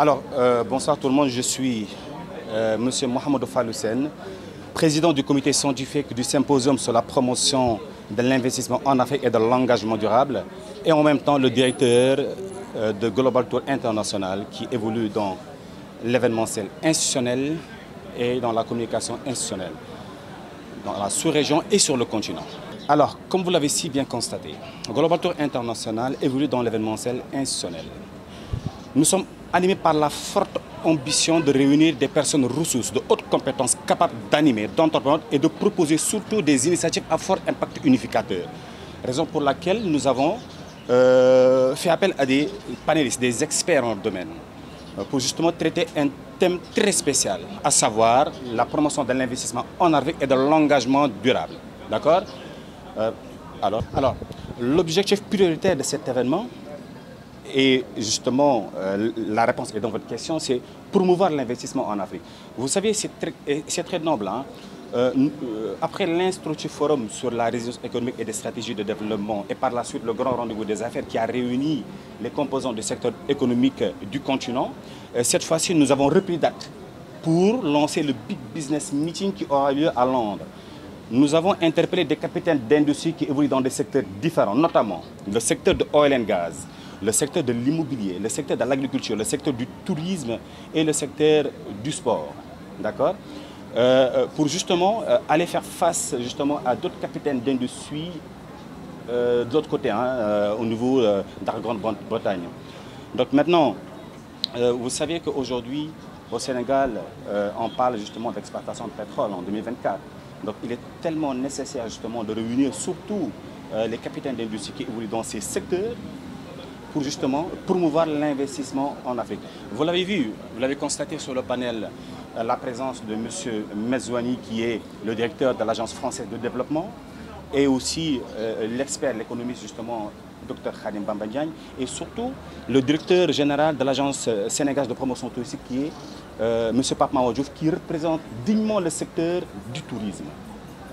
Alors, euh, bonsoir tout le monde, je suis M. Euh, Monsieur Mohamed Faloussen, président du comité scientifique du symposium sur la promotion de l'investissement en Afrique et de l'engagement durable, et en même temps le directeur euh, de Global Tour International qui évolue dans l'événementiel institutionnel et dans la communication institutionnelle, dans la sous-région et sur le continent. Alors, comme vous l'avez si bien constaté, Global Tour International évolue dans l'événementiel institutionnel. Nous sommes animé par la forte ambition de réunir des personnes ressources de haute compétence, capables d'animer, d'entreprendre et de proposer surtout des initiatives à fort impact unificateur. Raison pour laquelle nous avons euh, fait appel à des panélistes, des experts en domaine, euh, pour justement traiter un thème très spécial, à savoir la promotion de l'investissement en Afrique et de l'engagement durable. D'accord euh, Alors, alors l'objectif prioritaire de cet événement, et justement, euh, la réponse est dans votre question, c'est promouvoir l'investissement en Afrique. Vous savez, c'est très, noble. Hein. Euh, euh, après l'instructif forum sur la résilience économique et des stratégies de développement et par la suite le grand rendez-vous des affaires qui a réuni les composants du secteur économique du continent, cette fois-ci nous avons repris date pour lancer le Big Business Meeting qui aura lieu à Londres. Nous avons interpellé des capitaines d'industrie qui évoluent dans des secteurs différents, notamment le secteur de oil and gaz le secteur de l'immobilier, le secteur de l'agriculture, le secteur du tourisme et le secteur du sport. D'accord euh, euh, Pour justement euh, aller faire face justement à d'autres capitaines d'industrie de l'autre côté, hein, au niveau de la Grande-Bretagne. Donc maintenant, vous savez qu'aujourd'hui, au Sénégal, on parle justement d'exploitation de pétrole en 2024. Donc il est tellement nécessaire justement de réunir surtout les capitaines d'industrie qui évoluent dans ces secteurs pour justement promouvoir l'investissement en Afrique. Vous l'avez vu, vous l'avez constaté sur le panel, euh, la présence de M. Mezouani, qui est le directeur de l'Agence française de développement et aussi euh, l'expert, l'économiste justement, Dr Khadim Bambadjian, et surtout le directeur général de l'Agence euh, sénégalaise de promotion touristique qui est M. Pape Mawadjouf qui représente dignement le secteur du tourisme.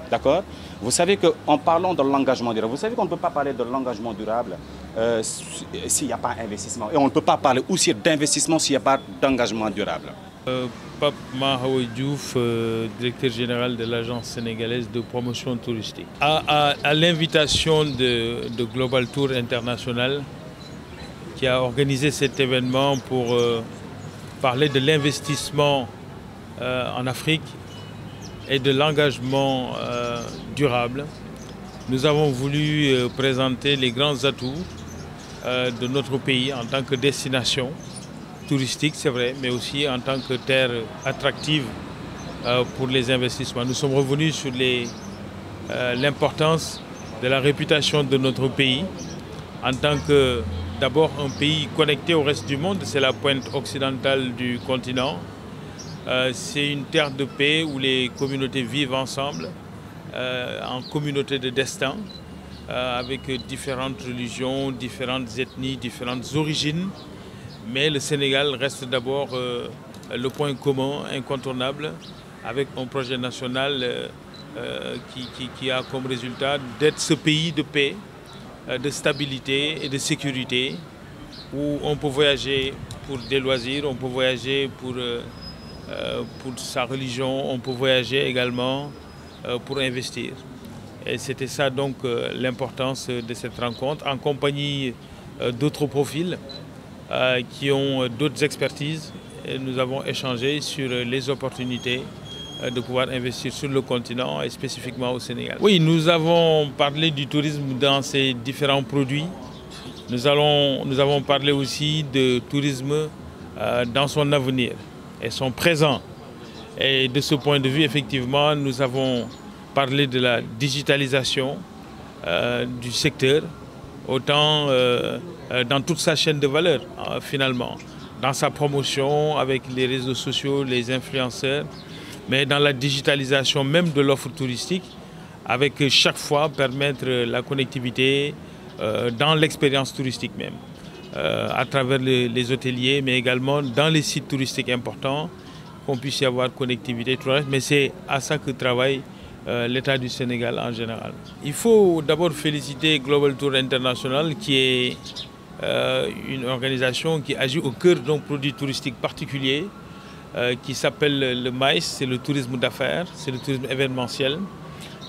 D'accord Vous savez qu'en parlant de l'engagement durable, vous savez qu'on ne peut pas parler de l'engagement durable euh, s'il n'y a pas d'investissement. Et on ne peut pas parler aussi d'investissement s'il n'y a pas d'engagement durable. pap euh, Pape euh, directeur général de l'agence sénégalaise de promotion touristique. À, l'invitation de, Global Tour International, qui a organisé cet événement pour parler de l'investissement en Afrique et de l'engagement euh, durable, nous avons voulu euh, présenter les grands atouts euh, de notre pays en tant que destination touristique, c'est vrai, mais aussi en tant que terre attractive pour les investissements. Nous sommes revenus sur l'importance de la réputation de notre pays en tant que d'abord un pays connecté au reste du monde, c'est la pointe occidentale du continent, euh, c'est une terre de paix où les communautés vivent ensemble, euh, en communauté de destin, euh, avec différentes religions, différentes ethnies, différentes origines. Mais le Sénégal reste d'abord le point commun, incontournable, avec un projet national qui, a comme résultat d'être ce pays de paix, de stabilité et de sécurité, où on peut voyager pour des loisirs, on peut voyager pour euh, pour sa religion, on peut voyager également euh, pour investir. Et c'était ça donc euh, l'importance de cette rencontre, en compagnie d'autres profils qui ont d'autres expertises. nous avons échangé sur les opportunités de pouvoir investir sur le continent et spécifiquement au Sénégal. Oui, nous avons parlé du tourisme dans ses différents produits. Nous, nous avons parlé aussi de tourisme dans son avenir et sont présents. Et de ce point de vue, effectivement, nous avons parlé de la digitalisation euh, du secteur, autant euh, euh, dans toute sa chaîne de valeur, finalement, dans sa promotion avec les réseaux sociaux, les influenceurs, mais dans la digitalisation même de l'offre touristique, avec chaque fois permettre la connectivité dans l'expérience touristique même. Euh, à travers les, hôteliers, mais également dans les sites touristiques importants, qu'on puisse y avoir connectivité, Mais c'est à ça que travaille euh, l'État du Sénégal en général. Il faut d'abord féliciter Global Tour International, qui est euh, une organisation qui agit au cœur d'un produit touristique particulier, qui s'appelle le MAIS, c'est le tourisme d'affaires, c'est le tourisme événementiel.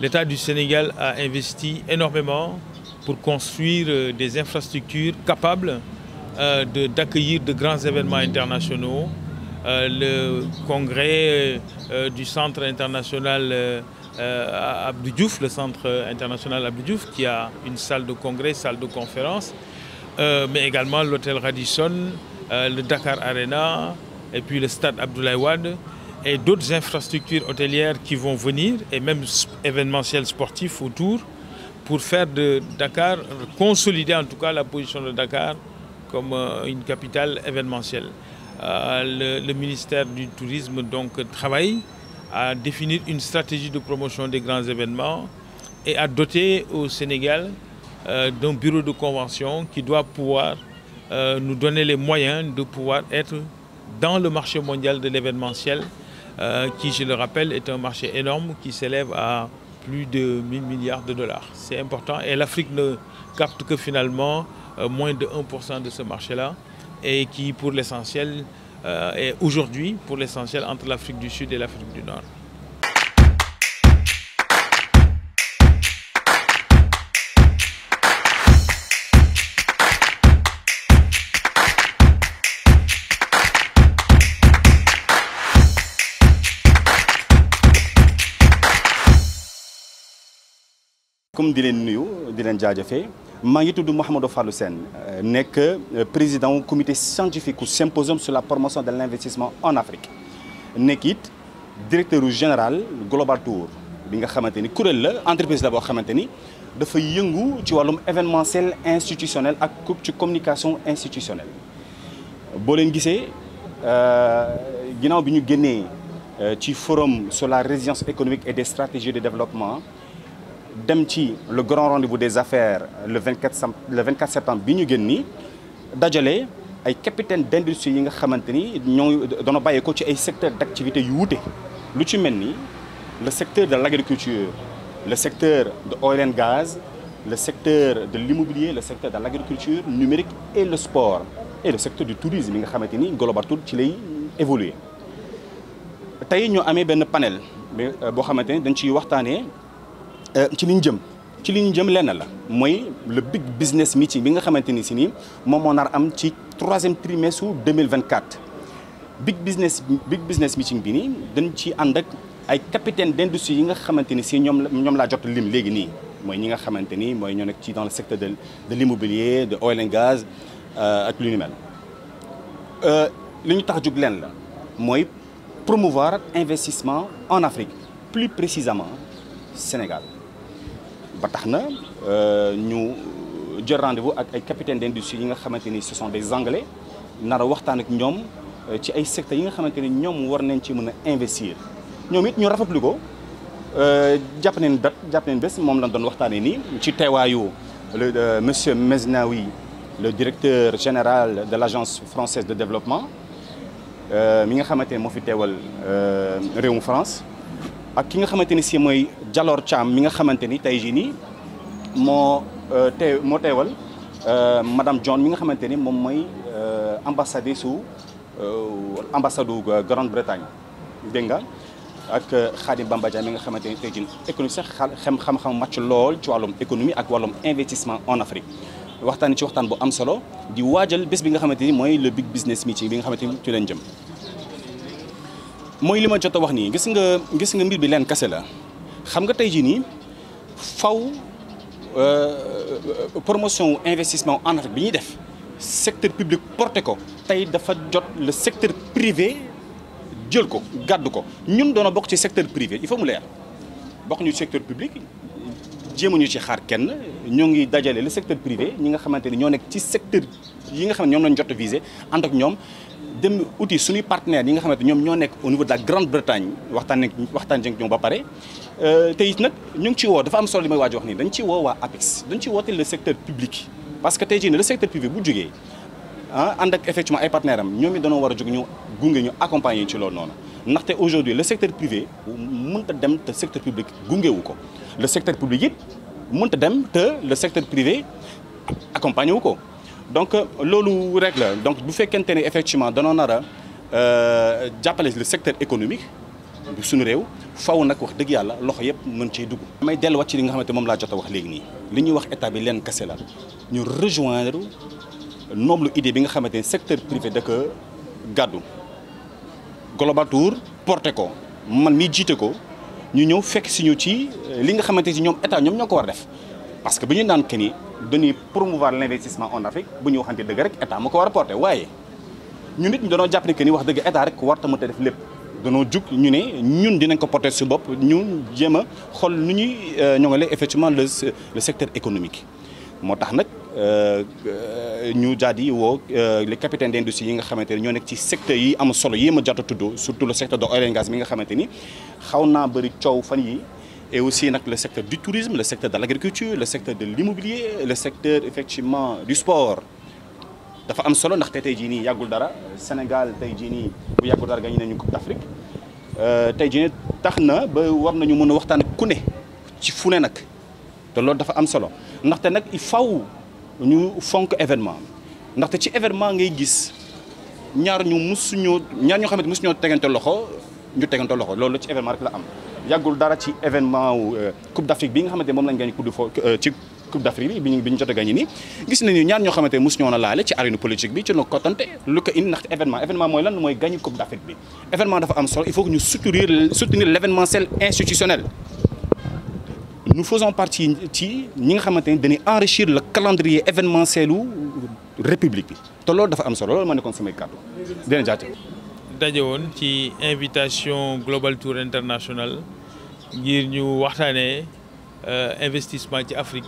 L'État du Sénégal a investi énormément pour construire des infrastructures capables euh, d'accueillir de, grands événements internationaux, euh, le congrès euh, du Centre international Abdou Diouf, le Centre international Abdou Diouf, qui a une salle de congrès, salle de conférence, mais également l'hôtel Radisson, le Dakar Arena, et puis le stade Abdoulaye Wade et d'autres infrastructures hôtelières qui vont venir et même événementiels sportifs autour pour faire de Dakar, consolider en tout cas la position de Dakar comme euh, une capitale événementielle. Euh, le, ministère du Tourisme donc travaille à définir une stratégie de promotion des grands événements et à doter au Sénégal euh, d'un bureau de convention qui doit pouvoir nous donner les moyens de pouvoir être dans le marché mondial de l'événementiel, qui, je le rappelle, est un marché énorme qui s'élève à plus de 1000 milliards de dollars. C'est important et l'Afrique ne capte que finalement euh, moins de 1% de ce marché-là et qui, pour l'essentiel, euh, est aujourd'hui, pour l'essentiel, entre l'Afrique du Sud et l'Afrique du Nord. comme dit je suis Mohamed président du comité scientifique ou symposium sur la promotion de l'investissement en Afrique Je suis directeur général Global Tour bi entreprise d'abord boo de ni dafa yëngu ci événementiel institutionnel ak de communication institutionnelle boo leen gisee euh, ginnaaw bi euh, forum sur la résilience économique et des stratégies de développement dem le grand rendez-vous des affaires le 24 le 24 septembre il ñu gën capitaine d'industrie yi nga dans nos ñoo doona bàyyee ko d'activité yu wuute lu le secteur de l'agriculture le secteur de oil and gaz le secteur de l'immobilier le secteur de l'agriculture numérique et le sport et le secteur du tourisme qui nga été ni Global Tour ci lay évoluer panel euh, boo xamante dañ euh, ci li ñu jëm ci li le big business meeting que nga ci ni si nii nar am ci troisième trimestre 2024. big business big business meeting bi ni dañ ci ànd ak ay capitaine d'industrie yi nga xamanteni ci ñom ñom la jot lim légui ni moy ñi nga xamanteni moy ci dans le secteur de de l'immobilier de oil and gaz euh, ak lu ni mel. Euh, tax juk len la moy promouvoir investissement en Afrique plus précisément Sénégal ba tax na euh, ñu jël rendez-vous ak ay capitaine d'industrie yi nga xamante ni ce sont des anglais nar a waxtaan ak ñoom euh, ci ay secteurs yi nga xamante ni ñoom war nañ ci mën a investir ñoom it ñu rafetlu ko euh, jàpp neen date jàpp neen bés moom lañ doon waxtaanee nii ci teewaayu le monsieur Meznaoui le directeur général de l'agence française de développement mi nga xamante ne moo fi teewal réewum France ak ki nga xamante ni si mooy jaloor Thiam mi nga xamante ni tey jii nii moo euh, teew moo teewal euh, madame John mi nga xamante ni moom mooy euh, ambassadeur su ambassade Grande-Bretagne dégg nga ak Khadim Bamba Dia mi nga xamante ni tey jii économie sax xam xam-xam màcc lool ci wàllum économie ak wàllum investissement en Afrique waxtaan ci waxtaan bu am solo di waajal bés bi nga xamante ni mooy le big business meeting bi nga xamante ni ci leen jëm mooy li ma jot a wax nii gis nga gis nga mbir bi leen kase la. xam nga tey jii nii faw euh, euh, promotion investissement en Afrique bi ñuy def secteur public porté ko tey dafa jot le secteur privé jël ko gàddu ko ñun doona bokk ci secteur privé il faut mu leer bokk ñu secteur public jéemuñu ci xaar kenn ñoo ngi dajale le secteur privé ñi nga xamante ni ñoo nekk ci secteur yi nga xam ñoom lañ jot a visé ànd ak ñoom dem outil suñuy yi nga xamante ñoom ñoo nekk au niveau de la Grande-Bretagne waxtaan nañ waxtaan jëng ñoom ba pare euh, te it nag ñu ngi ci woo dafa am solo li may waaj wax nii dañ ci woo waa APEX dañ ci woote le secteur public parce que tey jii ne le secteur privé bu jógee ah ak effectivement ay partenaires am ñoom it dañoo war a jóg ñu gunge ñu accompagner ci loolu noonu ndaxte aujourd'hui le secteur privé mënta dem te secteur public gungewu ko le secteur public it mënta dem te le secteur privé accompagne wu donc euh, loolu règle donc bu fekkente ne effectivement dans nar a euh, le secteur économique bu sunu rew faw nak wax deug yalla loxo yep mën cee dugg. damay wat ci li nga xamante mom la jotta wax léegi nii li ñuy wax état bi len kese la ñu rejoindre noble idée bi nga xamante secteur privé de que gadou Global Tour porté ko man mi jité ko ñu ñëw fekk si ñu ci euh, li nga xamanté ci ñom état ñom ñoko ko war def parce que bu ñu naan que ni dañuy promouvoir l'investissement en Afrique bu ñu waxante dëgg rek état moo ko war a porté waaye ñu nit ñu dañu japp ni que ni wax dëgg état rek war tamit a def lépp. dañu juk ñu né ñun dinañ ko porter su bop ñu jema xol nu ñuy euh, ñoŋale effectivement le secteur économique motax nak euh, ñu daal di woo euh, les capitaines d'industrie yi nga xamante ni ñoo ci secteur yi am solo yi ma jot surtout le secteur de oil et gaz mi nga xamante ni xaw fan yi et aussi le secteur du tourisme le secteur de l'agriculture le secteur de l'immobilier le secteur effectivement du sport dafa am solo ndaxte tey jii nii dara Sénégal tey ni bu yagul dara gagné nañu Coupe d'Afrique euh jii nii taxna ba war nañu mëna a ku né ci fune nak nag te loolu dafa am solo ndaxte nak il faut ñu fonk événement ndaxte ci événement ngay gis ñaar ñu musuñoo ñaar ñoo xam ne musuñoo tegante loxo ñu tegante loxo loolu ci événement rek la am yàggul dara ci événement wu euh, Coupe d'Afrique bi nga xamante moom lañ gañ coupe fo euh, d'Afrique bi a gañe nii na laale ci arène politique bi ci no kottante lu ko indi ndaxte événement événement mooy lan mooy gañu Coupe d'Afrique bi événement dafa am solo il faut que ñu soutenir soutenir l'événementiel institutionnel nous faisons partie ci ñi nga xamante ni enrichir le calendrier événementiel u république bi te loolu dafa am solo loolu ma nekkoon samay kàddu dina jaate daje woon ci invitation global tour international ngir ñu waxtaanee euh, investissement ci Afrique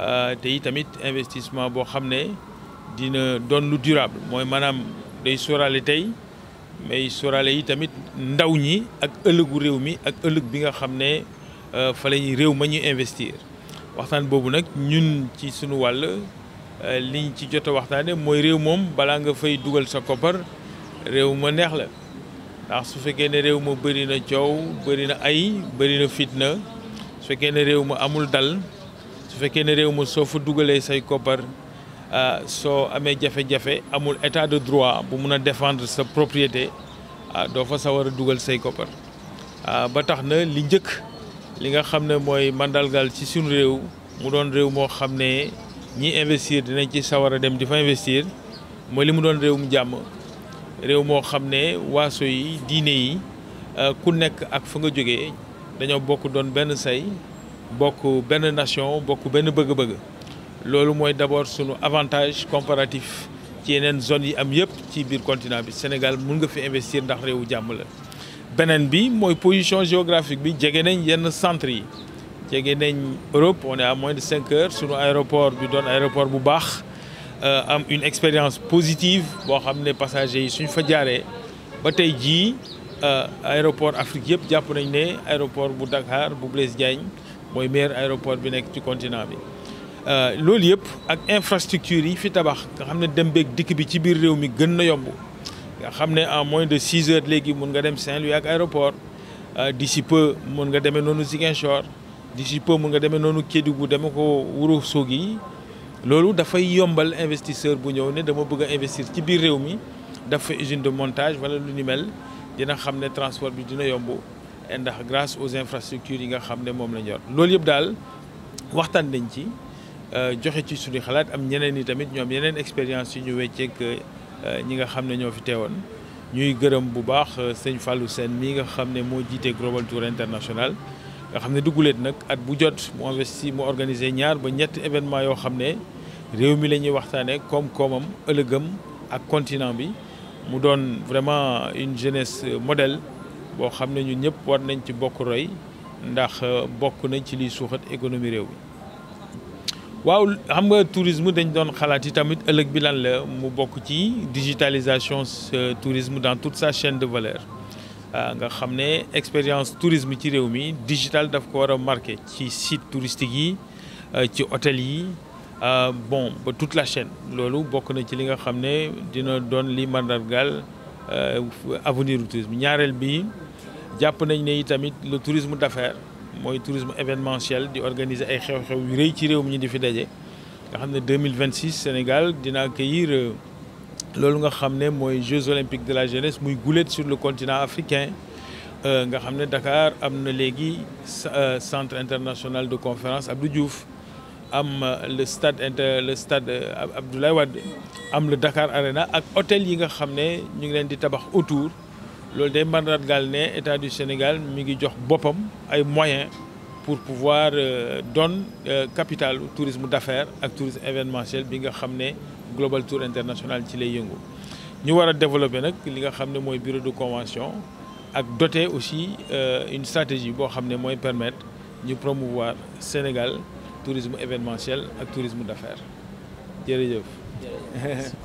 euh, te yi tamit investissement boo xam ne dina doon lu durable mooy maanaam day sóoraale tey mais sóoraale yi tamit ndaw ñi ak ëllëgu réew mi ak ëllëg bi nga xam euh, fa la investir de droit bu défendre sa propriété euh, li nga xamné moy mandalgal ci suñu réew mu doon réew mo xamné ñi investir dinañ ci sawara dem di fa investir moy li mu doon réew mu jamm réew mo xamné ne waaso yi diine yi euh, ku nekk ak fa nga joggé dañoo bokk doon benn say bokk benn nation bokk benn bëgg-bëgg loolu mooy d'abord sunu avantage comparatif ci yeneen zone yi am yépp ci biir continent bi Sénégal mun nga fi investir ndax réewu jàmm la la bi position géographique bi nañ centre Europe on est à moins de 5 heures sur l'aéroport bi aéroport euh, une expérience positive pour amener passagers yi suñ fa ba euh, aéroport Afrique yépp japp aéroport Dakar Blaise meilleur aéroport continent bi euh, ak infrastructure yi fi tabax nga nga xam ne en moins de six heures léegi mun nga dem Saint-Louis ak aéroport euh, d'ici peu mun nga demee noonu Ziguinchor d'ici peu mun nga demee noonu gu demee ko Ourossogui loolu dafay yombal investisseur bu ñëw ne dama bëgg a investir ci biir réew mi dafa usine de montage wala lu ni mel dina xam ne transport bi dina yomb ndax grâce aux infrastructures yi nga xam ne moom la ñu loolu yëpp daal waxtaan nañ ci euh, joxe ci suñu xalaat am ñeneen yi tamit ñoom yeneen expérience yu ñu wecceek euh, Euh, ñi nga xam ne ñoo fi teewoon ñuy gërëm bu baax euh, sëñ fàllu Sène mii nga xam ne moo jiite Global Tour International nga xam ne dugguleet nag at bu jot mu investi mu organisé ñaar ba ñetti événement yoo xam ne réew mi la ñuy waxtaanee koom-koomam ëllëgëm ak continent bi mu doon vraiment une jeunesse euh, modèle boo xam ne ñu ñëpp war nañ ci bokk roy ndax bokk nañ ci liy suuxat économie réew mi waaw xam nga tourisme dañ don xalaat tamit ëllëg bi lan la mu bok ci digitalisation tourisme dans toute sa chaîne de valeur ah, nga xamné expérience tourisme ci réew mi digital daf ko wara a marqué ci site touristique yi euh, ci hôtel yi euh, bon ba toute la chaîne loolu bok na ci li nga xamné dina don li mandargal euh, avenir du tourisme Ñaarel bi japp nañ né tamit le tourisme d'affaires moy tourisme événementiel di organiser ay xew-xew yu reuy ci réew mi di fi dajé nga 2026 Sénégal dina accueillir euh, loolu nga xamné Jeux olympiques de la jeunesse muy goulet sur le continent africain euh, nga xamné Dakar le Légui, euh, centre international de conférence Abdou Diouf le stade le Abdoulaye Wade le Dakar Arena ak hôtel yi nga xamné ñu autour le mandat l'État du Sénégal a ngi des moyens pour pouvoir euh, donner euh, capital au tourisme d'affaires et au tourisme événementiel bi nga le Global Tour International ci lay Nous ñu développer ce li bureau de convention et doter aussi euh, une stratégie qui de permettre ñu promouvoir Sénégal tourisme événementiel et le tourisme d'affaires Merci.